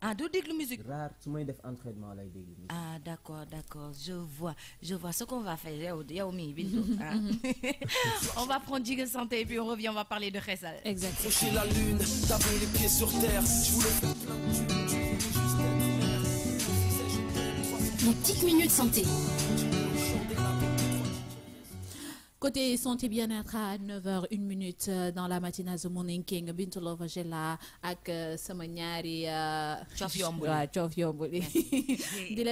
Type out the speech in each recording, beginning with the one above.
ah doo déglu musique rare su may def entraînement lay déglu musique. ah d'accord, d'accord, je vois je vois ce qu'on va faire yow yow mii Bintou ah. on va prendre Jigéen Santé et puis on revient on va parler de Xessal. exactement toucher la lune taper les pieds sur terre je voulais. les petites minutes santé. Côté santé bien-être à 9h1 minute euh, dans la matinée The Morning King Bintou Lova ak euh, sama ñaari euh, coof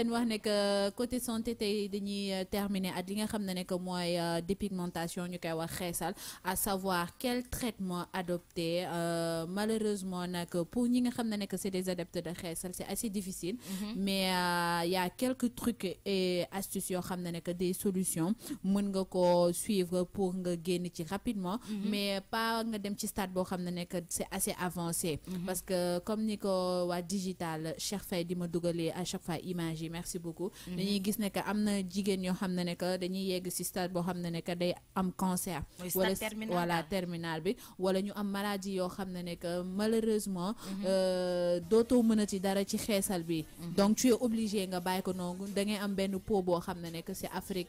wax côté santé tay dañuy terminer at li nga xamné nek que dépigmentation ñukay wax xéssal à savoir quel traitement adopter malheureusement nak pour ñi nga xamné nek que c'est des adeptes de xéssal c'est assez difficile mm-hmm. mais il y a quelques trucs et astuces yo xamné que des solutions mën nga ko suivre pour gagner rapidement mhm. mais pas stade c'est assez avancé mhm. parce que comme Nico digital cher fay di à chaque fois image merci beaucoup mhm. dañuy gis que am que stade am cancer voilà terminal wala ñu am maladie yo xamné que malheureusement euh, d'autres donc tu es obligé nga que ko da ngay am benn que c'est Afrique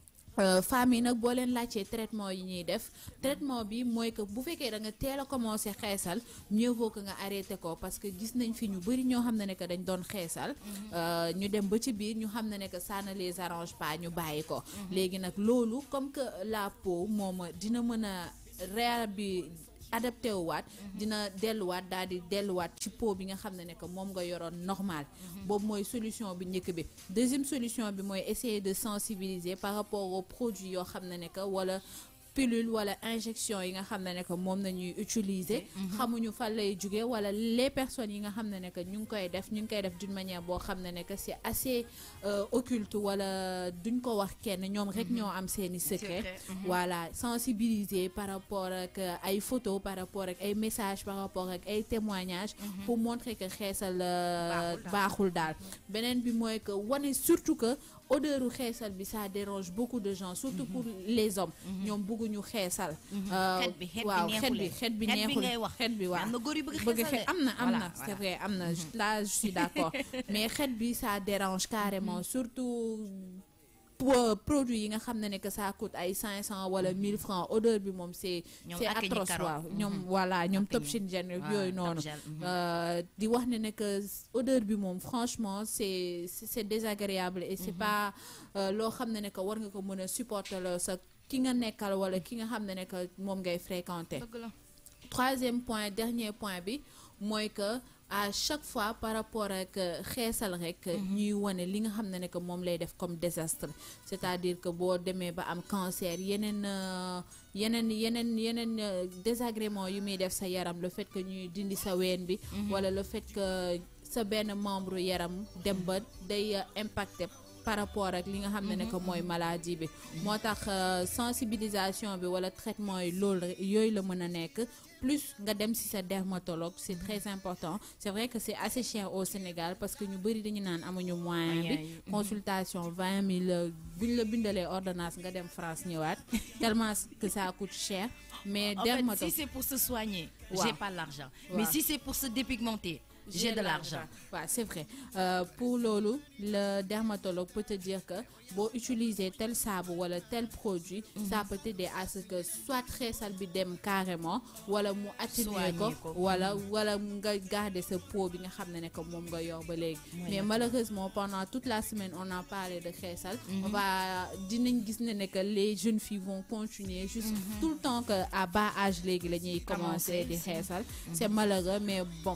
Euh, femmes yi nag boo leen laajtee traitement yi ñuy def traitement bi mooy que bu fekkee da nga teel a commencé xeesal mieux vaut que nga arrêté ko parce que gis nañ fi ñu bëri ñoo xam ne ne que dañ doon xeesal mhm. euh, ñu dem ba ci biir ñu xam ne ne que ça les arrange pas ñu bàyyi ko mhm. léegi nag loolu comme que la peau moom dina mën a bi adapté wat, mhm. dina delluwaat daal di delluwaat ci pot bi nga xamné ne mom nga yoron normal mhm. bob moy solution bi ñëk bi deuxième solution bi moy essayer de sensibiliser par rapport aux produits yo xamné ne wala pilule wala injection yi nga xamné nek mom que nañuy utiliser mhm. xamuñu fa lay jóge wala les personnes yi nga xamné nek ñu ngi koy def ñu ngi koy def d'une manière bo xamné nek c'est assez euh, occulte wala duñ ko wax kenn ñom rek mhm. ñoo am seeni secret mhm. voilà sensibiliser par rapport ak euh, ay photo par rapport ak ay message par rapport ak ay témoignages pour montrer que xéssal euh, baaxul dal benen bi moy que wone surtout que odeuru xeesal bi ça dérange beaucoup de gens surtout pour les hommes mhm. bëggu ñu xeesal waaw mhm. euh, xet bi xet bi neexul xet bi waaw bëgg xet bëgg na amna amna c'est vrai amna mhm. là je suis d'accord mais xet bi ça dérange carrément surtout euh, produit yi nga xamné que ça coûte ay 500 wala 1000 mm-hmm. francs odeur bi mom c'est c'est atroce waaw mm-hmm. voilà ñoom top yoy non mm-hmm. euh di wax né que odeur bi mom franchement c'est c'est désagréable et c'est pas euh, lo xamné ne que war nga ko mëna supporter la sa ki nga nekkal wala ki nga xamné ne que mom ngay fréquenter troisième point dernier point bi moy que à chaque fois par rapport ak euh, xeesal rek. Mhm. ñuy wane li nga xam ne ne que moom lay def comme désastre c'est-à-dire que boo demee ba am cancer yeneen euh, yeneen yeneen yeneen euh, désagrément yu muy def sa yaram le fait que ñuy dindi sa ween bi. Mhm. wala la fait que sa benn membre yaram dem ba mhm. day impacté. par rapport ak li nga xam ne ne mhm. que mooy maladie bi mhm. moo euh, sensibilisation bi wala traitement yi loolu yooyu plus nga dem ci sa dermatologue c'est très important c'est vrai que c'est assez cher au Sénégal parce que ñu avons dañu naan amuñu moyen bi consultation vingt mille euh, buñ la bindalee ordonnance nga dem France ñëwaat tellement que ça coûte cher mais dermatologue si c'est pour se soigner n'ai pas l'argent mais si c'est pour se dépigmenter j'ai de l'argent. c'est vrai. Euh, pour Lolo, le dermatologue peut te dire que bon, utiliser tel sabre ou tel produit, mhm. ça peut aider à ce que soit très sale carrément, ou alors mu atténuer ou alors ou garder ce pot Mais malheureusement, pendant toute la semaine, on a parlé de cressal. Mhm. On va dire que les jeunes filles vont continuer juste mhm. tout le temps que à bas âge les gagner commencer des cressal. C'est malheureux, mais bon.